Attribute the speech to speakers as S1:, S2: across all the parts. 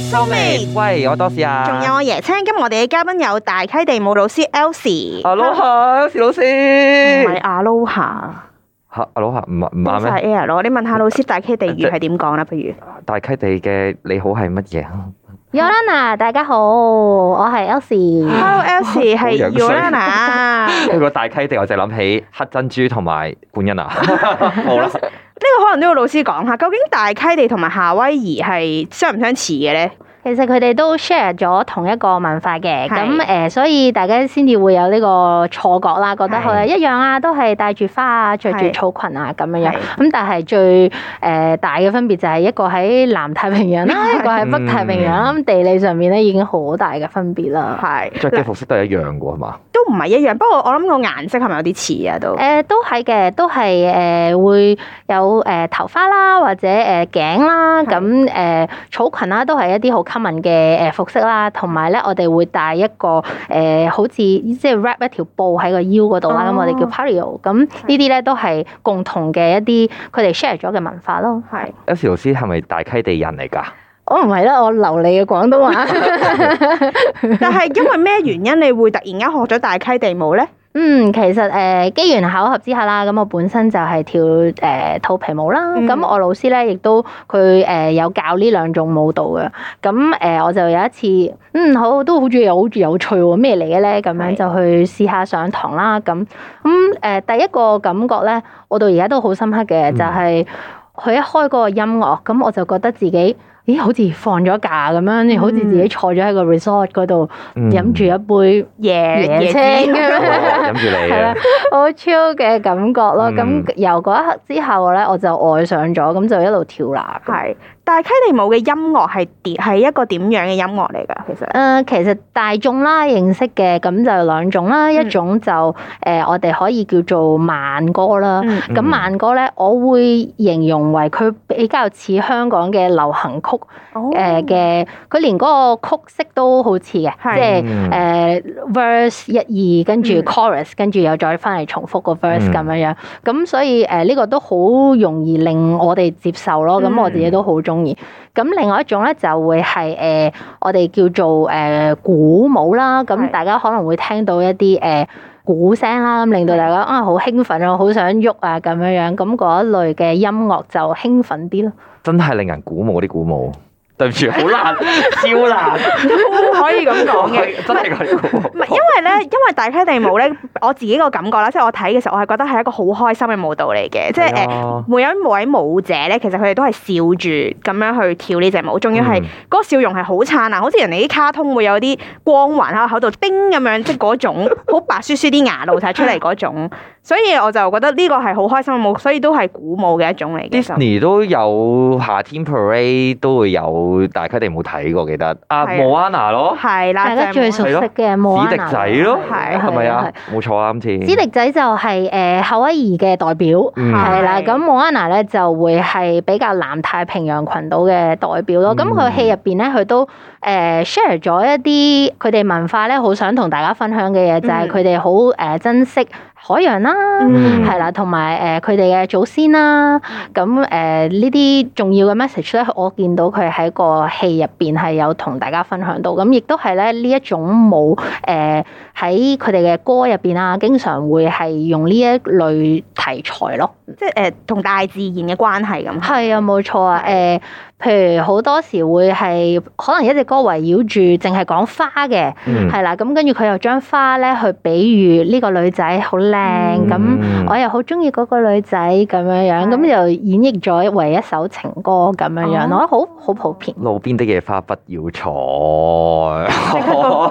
S1: 收尾，喂，我多士啊！仲有我
S2: 椰青，今日我哋嘅嘉賓有大溪地舞老師 Elsie。阿 Lo 哈，Elsie 老師，唔係阿 Lo 哈，
S1: 吓阿 Lo 哈，唔係唔係咩？係
S2: Air 咯，你問下老師大溪地語係點講啦，不如？
S1: 大溪地嘅你好係乜嘢
S2: ？Ia Ora Na，大家好，我係 Elsie。Hello Elsie，係 Ia Ora Na。
S1: 去過大溪地，我就諗起黑珍珠同埋管欣啊，好啦。
S2: 呢個可能都要老師講下，究竟大溪地同埋夏威夷係相唔相似嘅咧？其實佢哋都 share 咗同一個文化嘅，咁誒是、呃，所以大家先至會有呢個錯覺啦，覺
S1: 得佢哋一樣
S3: 啊，都係戴住花啊，著住草裙啊咁樣樣。咁是 但係最誒大嘅分別就係一個喺南太平洋啦、啊，是 一個喺北太平洋啦。嗯、地理上面咧已經好大嘅分別啦。係著嘅
S1: 服飾都係一樣嘅喎，係
S3: 嘛？都唔係一樣，是
S2: 不過我諗個顏
S3: 色係咪有啲似啊？都誒、呃，都係嘅，都係誒會有誒、呃、頭花啦，或者誒頸啦、啊，咁誒草裙啦、啊，都係一啲好，Common 嘅誒服飾啦，同埋咧我哋會戴一個誒、呃，好似即係 wrap 一條布喺個腰嗰度啦，咁、哦、我哋叫 pariyo。咁呢啲咧都係共同嘅一啲，佢哋 share 咗嘅文化咯。
S2: 係
S1: 是。Elsie 老師係咪大溪地人嚟㗎？
S2: 我唔係啦，我流利嘅廣東話。 但係因為咩原因你會突然間學咗大溪地舞咧？嗯，其
S3: 實誒、呃、機緣巧合之下啦，咁我本身就係跳誒肚、呃、皮舞啦，咁我老師咧亦都佢誒有教呢兩種舞蹈嘅，咁誒、呃、我就有一次，嗯好，都好中意，好有趣喎，咩嚟嘅咧？咁樣就去試下上堂啦，咁咁誒第一個感覺咧，我到而家都好深刻嘅，嗯、就係佢一開嗰個音樂，咁我就覺得自己。咦，好似放咗假咁樣，好似自己坐咗喺個 resort 嗰度飲住、嗯、一杯椰椰青咁樣，飲住你，係喇，好
S2: chill 嘅感覺咯！咁由嗰一刻之後咧，我就愛上咗，咁就一路跳喇，係。但係大溪地舞嘅音樂係點係一個點樣嘅音樂嚟㗎？其
S3: 實誒其實大眾啦認識嘅咁就兩種啦，嗯、一種就誒我哋可以叫做慢歌啦。咁、嗯、慢歌咧，我會形容為佢比較似香港嘅流行曲誒嘅，佢、哦嗯、連個曲式都好似嘅，是即係誒 verse 一二，跟住 chorus，嗯、跟住又再翻嚟重複個 verse 咁、嗯、樣樣咁，所以誒呢個都好容易令我哋接受咯。咁、嗯、我自己都好中。咁另外一種咧就會係誒我哋叫做誒鼓舞啦，咁大家可能會聽到一啲誒鼓聲啦，咁令到大家啊好興奮啊，好想喐啊咁樣樣，咁嗰一類嘅音樂就興
S1: 奮啲咯。真係令人鼓舞嗰啲鼓舞。對唔住，好難笑難，
S2: 可以咁講嘅，真係嘅。唔係因為咧，因為《大溪地舞》咧，我自己個感覺啦，即係我睇嘅時候，我係覺得係一個好開心嘅舞蹈嚟嘅。的即係誒，每一位舞者咧，其實佢哋都係笑住咁樣去跳呢隻舞，仲要係嗰笑容係、嗯、好燦爛，好似人哋啲卡通會有啲光環喺口度叮咁樣，即係嗰種好 白雪雪啲牙露晒出嚟嗰種。所以我就覺得呢個係好開心嘅舞，所以都係鼓舞嘅一種嚟嘅。Disney 都
S1: 有夏天 parade 都會有。大家哋冇睇過，記得阿 Moana 咯，係啦，大家最熟悉嘅莫 Moana，係咪啊？冇錯啊，今次。紫迪
S3: 仔就係誒夏威夷嘅代表，係啦、嗯。咁 Moana 咧就會係比較南太平洋群島嘅代表咯。咁佢、嗯嗯、戲入邊咧，佢都誒 share 咗一啲佢哋文化咧，好想同大家分享嘅嘢，就係佢哋好誒珍惜。海洋啦，係啦、嗯，同埋誒佢哋嘅祖先啦，咁誒呢啲重要嘅 message 咧，我見到佢喺個戲入邊係有同大家分享到，咁亦都係咧呢一種舞誒喺佢哋嘅歌入邊啊，經常會係用呢一類題材咯，即係誒同大自然嘅關係咁。係啊，冇錯啊，誒、呃。譬如好多時會係可能一隻歌圍繞住淨係講花嘅，係啦、嗯，咁跟住佢又將花咧去比喻呢個女仔好靚，咁、嗯、我又好中意嗰個女仔咁樣樣，咁就的演繹咗為一首情歌咁樣樣，啊、我覺得
S1: 好好普遍。路邊的野花不要採，
S2: 哎、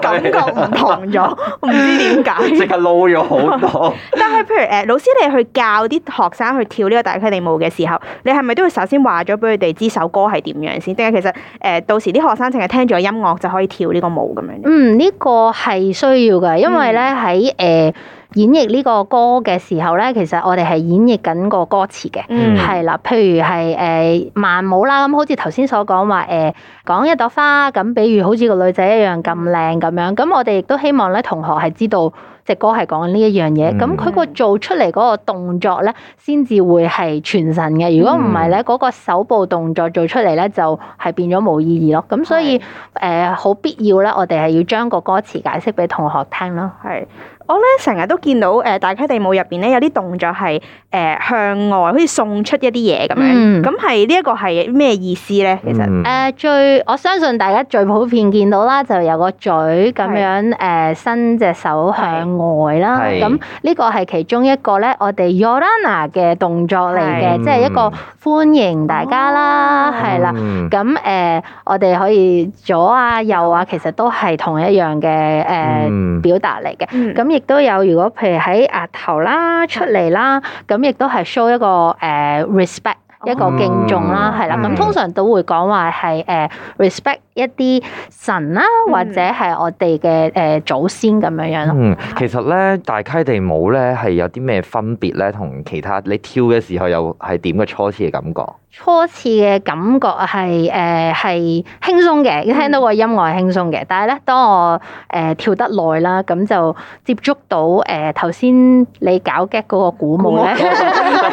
S2: 感覺唔同咗，唔知
S1: 點解，即刻撈咗好多。
S2: 但係譬如誒、哎、老師你去教啲學生去跳呢個大溪地舞嘅時候，你係咪都會首先話咗俾佢哋知首歌係。係點樣先？定係其實誒，到時啲學生淨係聽住音樂就可以跳呢個舞咁樣？
S3: 嗯，呢個係需要嘅，因為咧喺誒演繹呢個歌嘅時候咧，其實我哋係演繹緊個歌詞嘅。嗯，係啦，譬如係誒慢舞啦，咁好似頭先所講話誒講一朵花，咁比如好似個女仔一樣咁靚咁樣。咁我哋亦都希望咧同學係知道。隻歌係講呢一樣嘢，咁佢個做出嚟嗰個動作咧，先至會係全神嘅。如果唔係咧，嗰、那個手部動作做出嚟咧，就係變咗冇意義咯。咁所以誒，好必要
S2: 啦，我哋係要將個歌詞解釋俾同學聽咯。係，我咧成日都見到誒、呃，大家地舞入邊咧有啲動作係誒、呃、向外，好似送出一啲嘢咁樣。咁係呢一個係咩意思咧？其實誒最我相信大家最普遍見到啦，
S3: 就有個嘴咁樣誒是、呃，伸隻手向外啦，咁呢個係其中一個咧，我哋 Ia Ora Na 嘅動作嚟嘅，的即係一個歡迎大家啦，係啦、哦，咁誒、呃，我哋可以左啊右啊，其實都係同一樣嘅誒、呃嗯、表達嚟嘅，咁亦都有，如果譬如喺額頭啦出嚟啦，咁亦都係 show 一個誒、呃、respect。一個敬重啦，係啦、嗯，咁通常都會講話係誒 respect 一啲神啦，嗯、或者係我哋嘅誒祖先咁樣、嗯、樣。嗯，
S1: 其實咧，大溪地舞咧係有啲咩分別咧，同其他你跳嘅時候又係點嘅初次嘅感覺？
S3: 初次嘅感覺係誒係輕鬆嘅，聽到個音樂係輕鬆嘅，嗯、但係咧，當我誒、呃、跳得耐啦，咁就接觸到誒頭先你搞嘅嗰個鼓舞咧。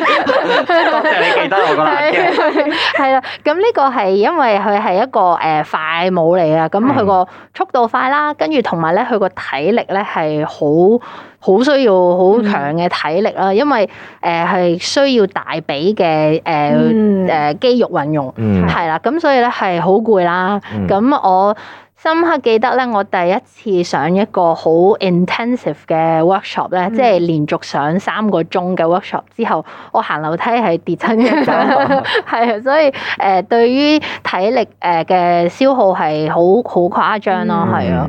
S3: 係啦，咁呢個係因為佢係一個誒快舞嚟嘅。咁佢個速度快啦，跟住同埋咧佢個體力咧係好，好需要好強嘅體力啦，因為誒係需要大髀嘅誒誒肌肉運用，係啦，咁所以咧係好攰啦，咁我。深刻記得咧，我第一次上一個好 intensive 嘅 workshop 咧、嗯，即係連續上三個鐘嘅 workshop 之後，我行樓梯係跌親嘅、嗯，係啊， 所以誒對於體力誒嘅消耗係好好誇張咯，係啊。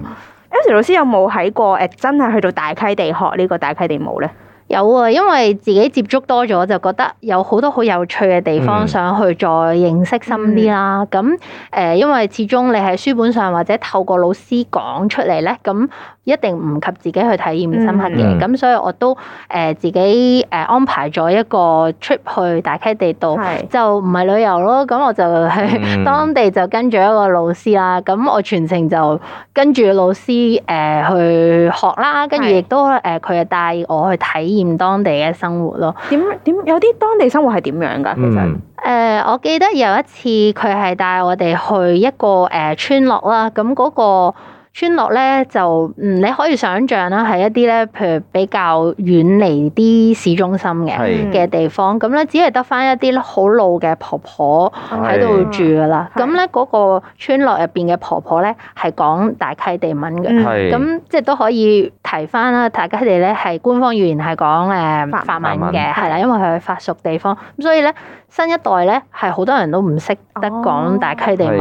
S3: Elsie、嗯、老師有冇喺過誒真係去到大溪地學呢個大溪地舞咧？有啊，因為自己接觸多咗，就覺得有好多好有趣嘅地方，嗯、想去再認識深啲啦。咁誒，因為始終你喺書本上或者透過老師講出嚟咧，咁。一定唔及自己去體驗深刻嘅，咁、嗯、所以我都誒自己誒安排咗一個 trip 去大溪地度，是就唔係旅遊咯。咁我就去、嗯、當地就跟住一個老師啦，咁我全程就跟住老師誒去學啦，跟住亦都誒佢帶我去體驗當地嘅生活咯。點點是有啲當地生活係點樣㗎？其實誒，我記得有一次佢係帶我哋去一個誒村落啦，咁、那、嗰個。村落咧就嗯，你可以想象啦，係一啲咧，譬如比較遠離啲市中心嘅嘅地方，咁咧的、嗯、只係得翻一啲好老嘅婆婆喺度住噶啦。咁咧嗰個村落入邊嘅婆婆咧，係講大溪地文嘅。咁的、嗯、即係都可以提翻啦，大溪地咧係官方語言係講誒法文嘅，係啦文，因為佢係法屬地方，咁所以咧。新一代咧係好多人都唔識得講大溪地文，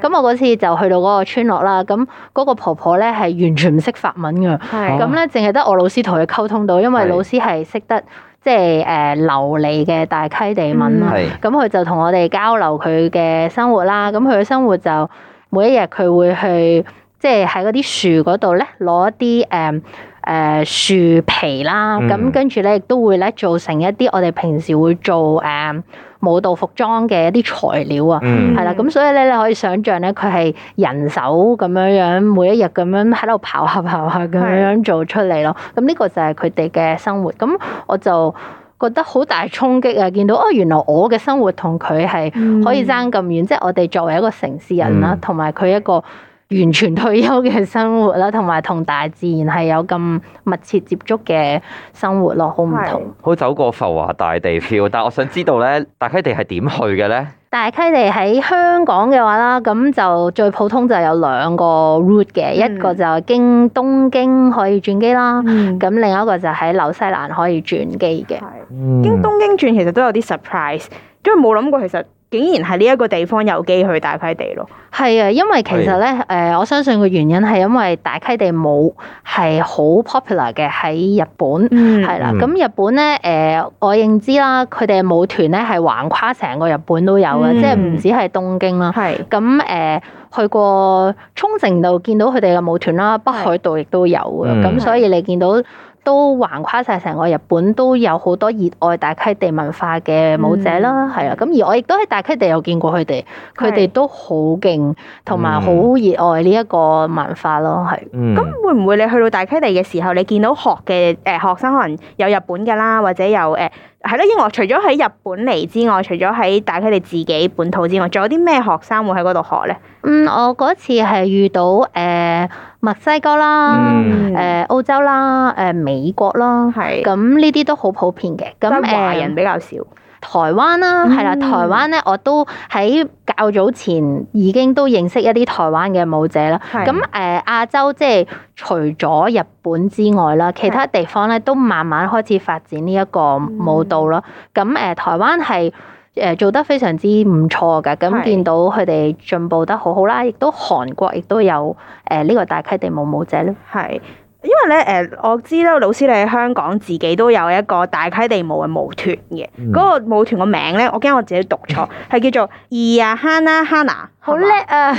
S3: 咁、哦、我嗰次就去到嗰個村落啦，咁、那、嗰個婆婆咧係完全唔識法文㗎，咁咧淨係得我老師同佢溝通到，因為老師係識得即係誒流利嘅大溪地文啊，咁佢是、嗯、就同我哋交流佢嘅生活啦，咁佢嘅生活就每一日佢會去即係喺嗰啲樹嗰度咧攞一啲誒。嗯誒樹皮啦，咁跟住咧亦都會咧做成一啲我哋平時會做誒舞蹈服裝嘅一啲材料啊，係啦，咁所以咧你可以想象咧佢係人手咁樣樣，每一日咁樣喺度跑下跑下咁樣樣做出嚟咯。咁呢個就係佢哋嘅生活。咁我就覺得好大衝擊啊！見到哦，原來我嘅生活同佢係可以爭咁遠，即係、嗯、我哋作為一個城市人啦，同埋佢一個。完全退休嘅生活啦，同埋同大自然係有咁密切接觸嘅生活咯，好唔同。
S1: 好走過浮華大地票，但係我想知道咧，大溪地係點去嘅咧？
S3: 大溪地喺香港嘅話啦，咁就最普通就有兩個 route 嘅，嗯、一個就係經東京可以轉機啦，咁、嗯、另一個就喺紐西蘭可
S2: 以轉機嘅。嗯、經東京轉其實都有啲 surprise，因為冇諗過其實。竟然係呢一個地方有機去大溪地咯，係啊，因為其實咧，誒的、呃，我相信個原因
S3: 係因為大溪地舞係好 popular 嘅喺日本，係啦、嗯。咁日本咧，誒、呃，我認知啦，佢哋嘅舞團咧係橫跨成個日本都有嘅，嗯、即係唔止係東京啦。係咁誒，去過沖繩度見到佢哋嘅舞團啦，北海道亦都有嘅。咁的、嗯、所以你見到。都橫跨晒成個日本，都有好多熱愛大溪地文化嘅舞者啦，係啊、嗯，咁而我亦都喺大溪地有見過佢哋，佢哋都好勁，同埋好熱愛呢一個文化
S2: 咯，係。咁、嗯、會唔會你去到大溪地嘅時候，你見到學嘅誒、呃、學生可能有日本㗎啦，或者有誒？呃係咯，因為除咗喺日本嚟之外，除咗喺大家哋自己本土之外，仲有啲咩學生會喺嗰度學咧？嗯，我嗰次係遇到誒、呃、
S3: 墨西哥啦、誒澳、嗯呃、洲啦、誒、呃、美國啦，係咁呢啲都好普遍嘅，咁是那華人比較少。台灣啦，係啦，台灣咧，我都喺較早前已經都認識一啲台灣嘅舞者啦。咁誒是的 亞洲即係除咗日本之外啦，其他地方咧都慢慢開始發展呢一個舞蹈咯。咁誒的、嗯、台灣係誒做得非常之唔錯㗎，咁是的 見到佢哋進步得好好啦，亦都韓國亦都有誒呢個大溪地舞舞者咧。係。
S2: 因為咧，誒，我知咧，老師你喺香港自己都有一個大溪地舞嘅舞團嘅，嗰、嗯、個舞團個名咧，我驚我自己讀錯，係 叫做伊亞哈娜哈娜。好叻啊！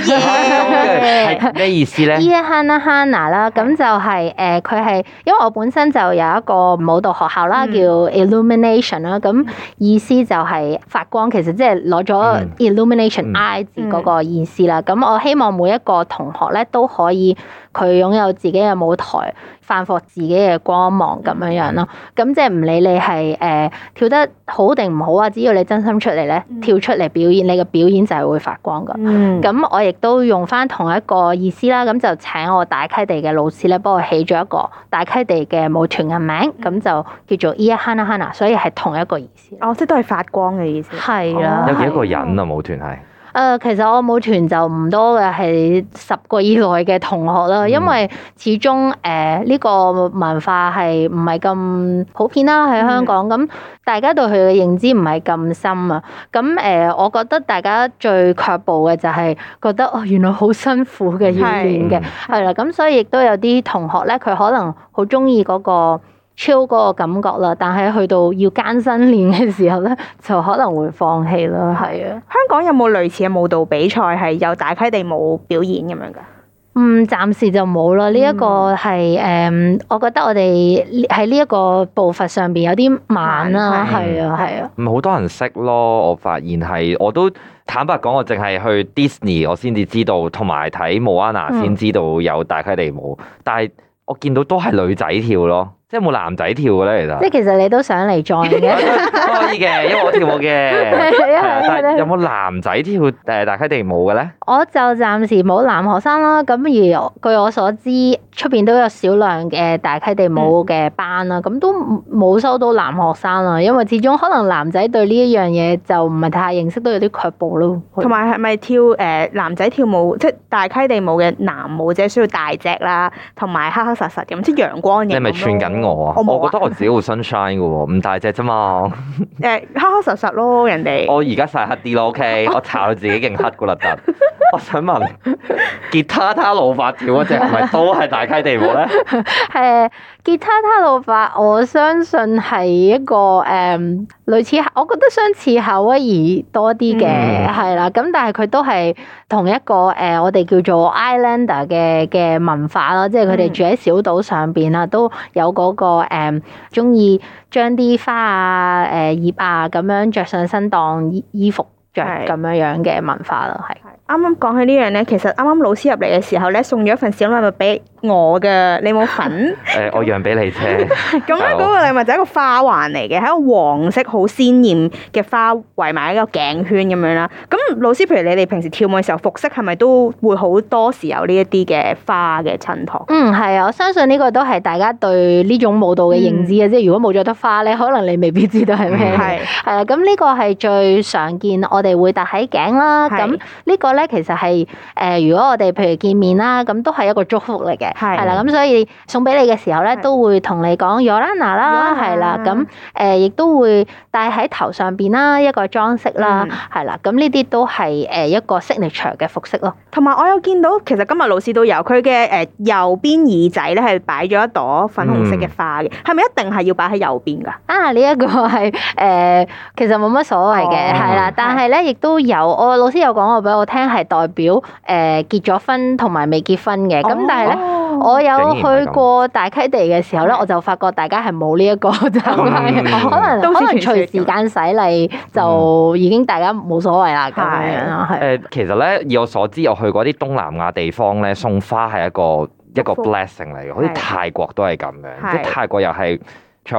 S1: 咩 意思咧
S3: ？Ihanahana n n 啦，咁就係誒，佢 係樂因為我本身就有一個舞蹈學校啦，叫 Illumination 啦，咁意思就係發光。其實即係攞咗 Illumination I 字嗰個意思啦。咁我希望每一個同學咧都可以佢擁有自己嘅舞台，煥發自己嘅光芒咁樣樣咯。咁即係唔理你係誒跳得好定唔好啊，只要你真心出嚟咧，跳出嚟表演，你嘅表演就係會發光㗎。嗯，咁我亦都用返同一個意思啦，咁就請我大溪地嘅老師咧，幫我起咗一個大溪地嘅舞團嘅名，咁就叫做 Ehanahana，所以係同一個意思。哦，即係都係發光嘅意思。係啦，啊。哦，有幾
S1: 多個人啊舞團係？
S3: 誒、呃，其實我舞團就唔多嘅，係十個以內嘅同學啦，因為始終誒呢個文化係唔係咁普遍啦，喺香港咁、嗯、大家對佢嘅認知唔係咁深啊。咁、呃、誒，我覺得大家最卻步嘅就係覺得哦，原來好辛苦嘅要練嘅，係啦是。咁所以亦都有啲同學咧，佢可能好中意嗰個超嗰個感覺啦，但係去到要艱辛練嘅時候咧，就可能會放棄啦。係啊，香
S2: 港有冇類似嘅舞蹈比賽係有大溪地舞表演咁樣噶？嗯，
S3: 暫時就冇啦。呢、這、一個係誒、嗯嗯，我覺得我哋喺呢一個步伐上邊有啲慢啦。係啊慢，係
S1: 啊的。唔好多人識咯，我發現係，我都坦白講，我淨係去 Disney 我先至知道，同埋睇《摩安娜》先知道有大溪地舞，嗯、但係我見到都係女仔跳咯。有冇男仔跳嘅咧？其實即係其
S3: 實你都想嚟助演嘅，可以嘅，因為我跳舞嘅。 的的有
S1: 冇男仔跳誒大溪地舞嘅咧？
S3: 我就暫時冇男學生啦。咁而據我所知，出邊都有少量嘅大溪地舞嘅班啦。咁、嗯、都冇收到男學生啦，因為始終可能男仔對呢一樣嘢就唔係太認識，都有啲卻步
S2: 咯。同埋係咪跳誒男仔跳舞，即係大溪地舞嘅男舞者需要大隻啦，同埋黑黑實實嘅，唔知
S1: 陽光型。嗯、你係咪串緊？我、啊、我覺得我自己會 sunshine 嘅喎，唔大隻啫嘛，啊，
S2: 誒，黑黑實實咯，人
S1: 哋我而家曬黑啲咯，OK， 我查到自己勁黑嗰粒蛋，我想問， 吉他他老發跳嗰隻係咪都係大溪地舞咧？
S3: 係。 吉他他老伯我相信係一個誒、嗯、類似，我覺得相似夏威夷多啲嘅，係啦、嗯。咁但係佢都係同一個誒、呃，我哋叫做 Islander 嘅嘅文化咯，即係佢哋住喺小島上邊啊，都有嗰、那個誒，中意將啲花啊、誒、呃、葉啊咁樣着上身當衣衣服。咁
S2: 樣樣嘅文化咯，係。啱啱講起呢樣咧，其實啱啱老師入嚟嘅時候咧，送咗一份小禮物俾我嘅，你冇份？
S1: 我讓俾你先。咁咧，嗰個
S2: 禮物就係一個花環嚟嘅，係一個黃色好鮮豔嘅花圍埋一個頸圈咁樣啦。咁老師，譬如你哋平時跳舞嘅時候服飾，係咪都會好多時候有呢一啲嘅花嘅襯托？
S3: 嗯，係啊，我相信呢個都係大家對呢種舞蹈嘅認知啊，嗯、即係如果冇咗得花咧，可能你未必知道係咩。係、嗯。係啊，咁呢個係最常見我。我哋會戴喺頸啦，咁呢個咧其實係誒，如果我哋譬如見面啦，咁都係一個祝福嚟嘅，係啦，咁所以送俾你嘅時候咧，都會同你講 Ia Ora Na 啦，係啦，咁誒亦都會戴喺頭上邊啦，一個裝飾啦，係啦，咁呢啲
S2: 都係誒一個飾尼場嘅服飾咯。同埋我有見到，其實今日老師都有佢嘅誒右邊耳仔咧，係擺咗一朵粉紅色嘅花嘅，係咪一定係要擺喺右邊
S3: 㗎？啊，呢一個係誒，其實冇乜所謂嘅，係啦，但係咧。亦都有，我老師有講過俾我聽，係代表誒結咗婚同埋未結婚嘅。咁但係咧，我有去過大溪地嘅時候咧，我就發覺大家係冇呢一個就，可能可能隨時間洗禮就已經大家冇所謂啦咁樣啊。
S1: 係誒，其實咧以我所知，我去過啲東南亞地方咧，送花係一個一個 blessing 嚟嘅，好似泰國都係咁嘅，即泰國又係。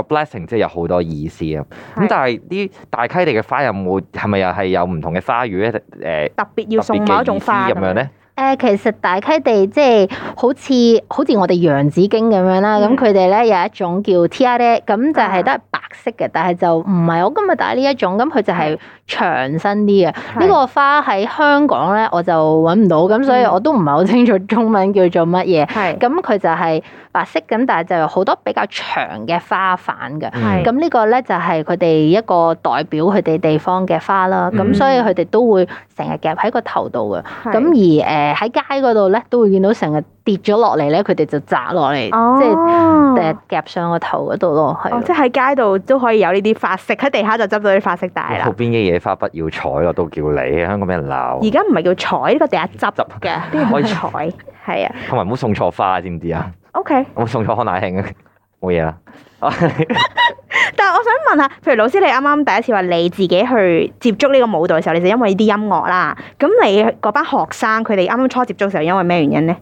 S1: blessing 即係有好多意思啊！咁的但係啲大溪地嘅花有冇係咪又係有唔同嘅花語咧？誒、呃、特別要送某一種花咁樣咧？
S3: 誒、呃、其實大溪地即係、就是、好似好似我哋洋紫荊咁樣啦，咁佢哋咧有一種叫 tiare，咁就係都係白色嘅，但係就唔係我今日戴呢一種，咁佢就係。長身啲嘅，呢是個花喺香港咧我就揾唔到，咁所以我都唔係好清楚中文叫做乜嘢。咁佢是就係白色，咁但係就有好多比較長嘅花瓣嘅。咁呢是個咧就係佢哋一個代表佢哋地方嘅花啦。咁、嗯、所以佢哋都會成日夾喺個頭度嘅。咁是而誒喺街嗰度咧都會見到成日。跌咗落
S2: 嚟咧，佢哋就摘落嚟，哦、即係誒夾上個頭嗰度咯，係即係喺街度都可以有呢啲髮飾喺地下就執到啲髮飾大啦。
S1: 邊嘅野花不要採，我都叫你香港俾人鬧。而
S2: 家唔係叫採呢個地下執嘅， 可以採係
S1: 啊。同埋唔好送錯花，知唔知啊？O K，我送錯康乃馨啊，冇嘢啦。
S2: 但係我想問下，譬如老師你啱啱第一次話你自己去接觸呢個舞蹈嘅時候，你就因為呢啲音樂啦。咁你嗰班學生佢哋啱啱初接觸嘅時候，因為咩原因咧？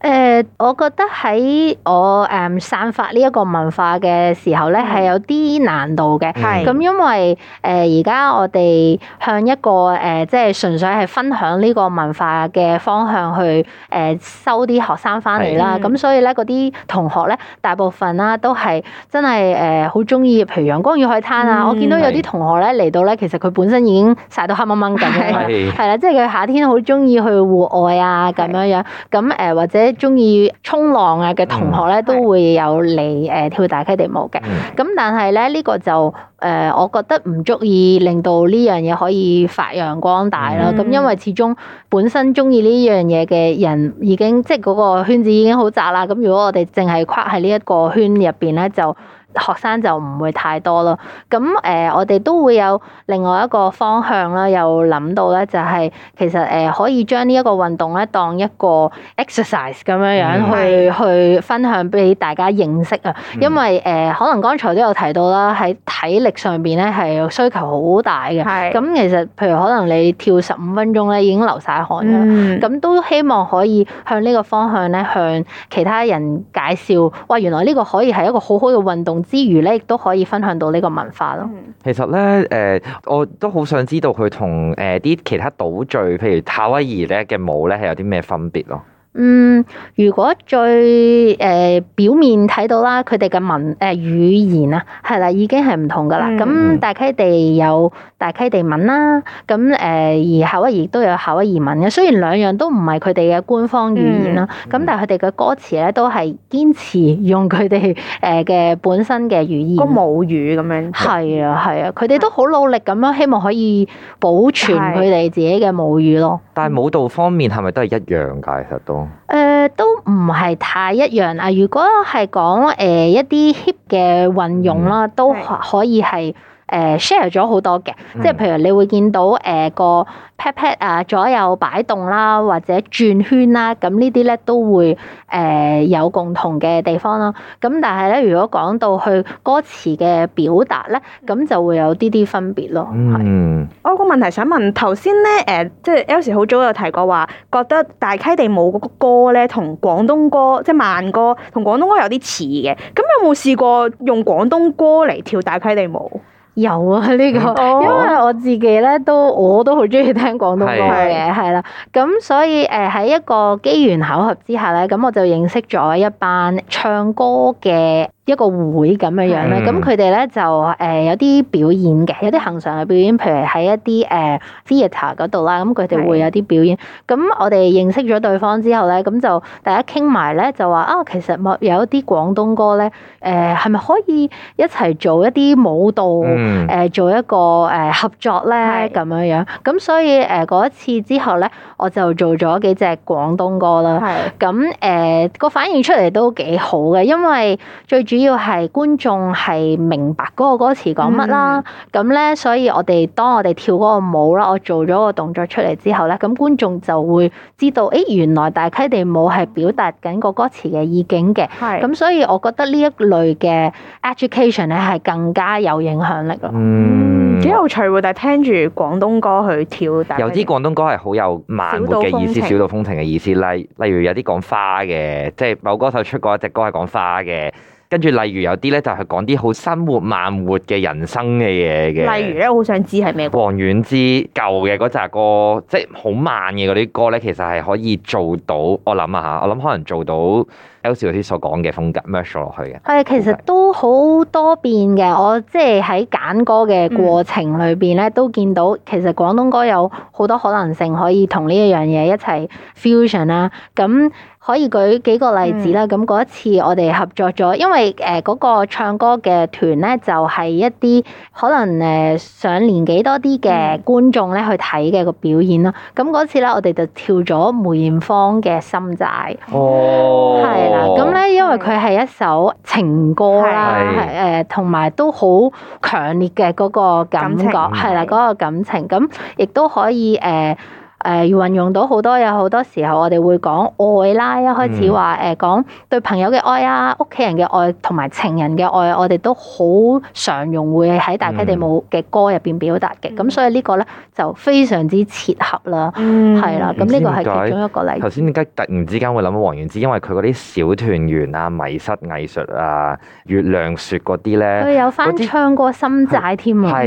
S2: 誒、呃，我覺得喺我誒散發呢一個文化嘅時候咧，係有啲
S3: 難度嘅。係的。咁因為誒，而家我哋向一個誒，即係純粹係分享呢個文化嘅方向去誒收啲學生翻嚟啦。咁的所以咧，嗰啲同學咧，大部分啦都係真係誒好中意，譬如陽光與海灘啊。嗯、我見到有啲同學咧嚟到咧，其實佢本身已經曬到黑掹掹咁樣啦。係。係啦，即係佢夏天好中意去戶外啊咁樣樣。係。咁誒或者。中意衝浪啊嘅同學咧，都會有嚟誒跳大溪地舞嘅。咁、嗯、但係咧，呢個就誒，我覺得唔足以令到呢樣嘢可以發揚光大啦。咁、嗯、因為始終本身中意呢樣嘢嘅人已經即係嗰個圈子已經好窄啦。咁如果我哋淨係框喺呢一個圈入邊咧，就。學生就唔會太多咯，咁誒、呃、我哋都會有另外一個方向啦，有諗到咧就係、是、其實誒、呃、可以將呢一個運動咧當一個 exercise 咁樣樣、嗯、去去分享俾大家認識啊，嗯、因為誒、呃、可能剛才都有提到啦，喺體力上邊咧係需求好大嘅，咁、嗯、其實譬如可能你跳十五分鐘咧已經流晒汗啦，咁、嗯、都希望可以向呢個方向咧向其他人介紹，哇原來呢個可以係一個好好嘅運動。之餘咧，亦都可以分享到呢個文化咯。
S1: 其實咧，誒、呃、我都好想知道佢同誒啲其他島嶼，譬如夏威夷咧嘅舞咧，係有啲咩分別咯？
S3: 嗯，如果最誒表面睇到啦，佢哋嘅文、誒、語言啊，係啦，已經係唔同噶啦。咁、嗯、大溪地有大溪地文啦，咁、誒、而夏威夷都有夏威夷文嘅。雖然兩樣都唔係佢哋嘅官方語言啦，咁、嗯、但係佢哋嘅歌詞咧都係堅持用佢哋、誒、嘅本身嘅語言。母語咁樣，係、嗯、啊，係啊，佢哋、啊、都好努力咁樣希望可以保存佢哋自己嘅母語咯。嗯、
S1: 但係舞蹈方面係咪都係一樣㗎？其實都。
S3: 誒、呃，都唔係太一樣啊！如果係講誒一啲 hip 嘅運用啦，嗯、都可以係。誒 share 咗好多嘅，即係譬如你會見到誒個 pat pat 啊，左右擺動啦，或者轉圈啦，咁呢啲咧都會誒有共同嘅地方咯。咁但係咧，如果講到去歌詞嘅表
S2: 達咧，咁就會有啲啲分別咯。
S3: 係。嗯。
S2: 我有個問題想問頭先咧，誒即係 Elsie 好早有提過話，覺得大溪地舞嗰個歌咧，同廣東歌即係慢歌，同廣東歌有啲似嘅。咁有冇試過用廣東歌嚟跳大溪地舞？
S3: 有啊，呢個，因為我自己咧都我都好中意聽廣東歌嘅，係啦是的。咁所以誒喺一個機緣巧合之下咧，咁我就認識咗一班唱歌嘅。一個會咁樣樣咧，咁佢哋咧就誒有啲表演嘅，有啲恒常嘅表演，譬如喺一啲誒、uh, theater 嗰度啦，咁佢哋會有啲表演。咁的我哋認識咗對方之後咧，咁就大家傾埋咧，就話啊，其實冇有一啲廣東歌咧，誒係咪可以一齊做一啲舞蹈誒、嗯、做一個誒合作咧咁樣樣，咁所以誒嗰一次之後咧，我就做咗幾隻廣東歌啦。係的。咁誒個反應出嚟都幾好嘅，因為最主要。主要係觀眾係明白嗰個歌詞講乜啦，咁咧、嗯，所以我哋當我哋跳嗰個舞啦，我做咗個動作出嚟之後咧，咁觀眾就會知道，誒、欸，原來大溪地舞係表達緊個歌詞嘅意境嘅。係、嗯。咁所以，我覺得呢一類嘅 education 咧係更加
S2: 有影響力咯。嗯，幾有趣喎！但係聽住廣東歌去跳，有啲
S1: 廣東歌係好有慢活嘅意思，小島風情嘅意思。例例如有啲講花嘅，即係某歌手出過一隻歌係講花嘅。跟住，例如有啲咧就係講啲好生活慢活嘅人生嘅嘢嘅。例如
S2: 咧，好想知係咩
S1: 歌？王菀之舊嘅嗰扎歌，即係好慢嘅嗰啲歌咧，其實係可以做到。我諗下，我諗可能做到。Elsie 嗰啲所講嘅風格 merge 落去
S3: 嘅，係其實都好多變嘅。我即係喺揀歌嘅過程裏邊咧，都見到其實廣東歌有好多可能性可以同呢一樣嘢一齊 fusion 啦。咁可以舉幾個例子啦。咁嗰一次我哋合作咗，因為誒嗰個唱歌嘅團咧就係一啲可能誒上年紀多啲嘅觀眾咧去睇嘅個表演啦。咁嗰次咧我哋就跳咗梅艷芳嘅《心債》。哦，係。咁咧，哦、因為佢係一首情歌啦，誒係，同埋都好強烈嘅嗰個感覺，係啦，嗰個感情，咁係亦都可以誒。呃要運用到好多，有好多時候我哋會講愛啦，一開始話誒講對朋友嘅愛啊，屋企人嘅愛同埋情人嘅愛，我哋都好常用，會喺大溪地舞嘅歌入邊表達嘅。咁所以呢個咧就非常之切合啦，係啦。咁呢個係其中一個例子。
S1: 頭先點解突然之間會諗到黃源之？因為佢嗰啲小團圓啊、迷失藝術啊、月亮雪嗰啲咧，佢有翻唱
S3: 過心債添啊，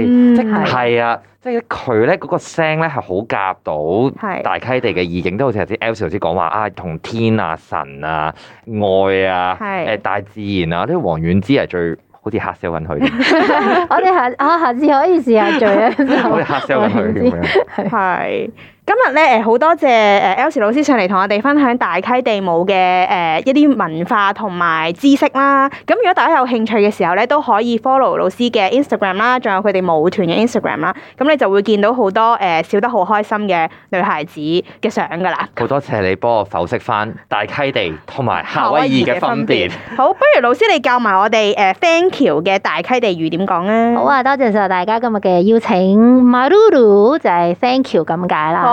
S3: 係啊。即係
S1: 佢咧嗰個聲咧係好夾到大溪地嘅意境，都是好似頭先 Elsie 老師講話啊，同天啊、神啊、愛啊、誒是、呃、大自然啊，啲黃遠之係最好似黑 a c k 佢。
S2: 我哋下啊，下次可以試下做啊。 我哋黑
S1: a c k 笑揾佢樣
S2: 今日咧誒好多謝誒 Elsie 老師上嚟同我哋分享大溪地舞嘅誒一啲文化同埋知識啦。咁如果大家有興趣嘅時候咧，都可以 follow 老師嘅 Instagram 啦，仲有佢哋舞團嘅 Instagram 啦。咁你就會見到好多誒笑得好開心嘅女孩子嘅相噶啦。
S1: 好多謝你幫我剖析翻大溪地同埋夏威夷嘅分別。分別
S2: 好，不如老師你教埋我哋誒 Thank you 嘅大溪地語點講
S3: 啊？呢好啊，多謝曬大家今日嘅邀請。Maruru 就係 Thank you 咁解啦。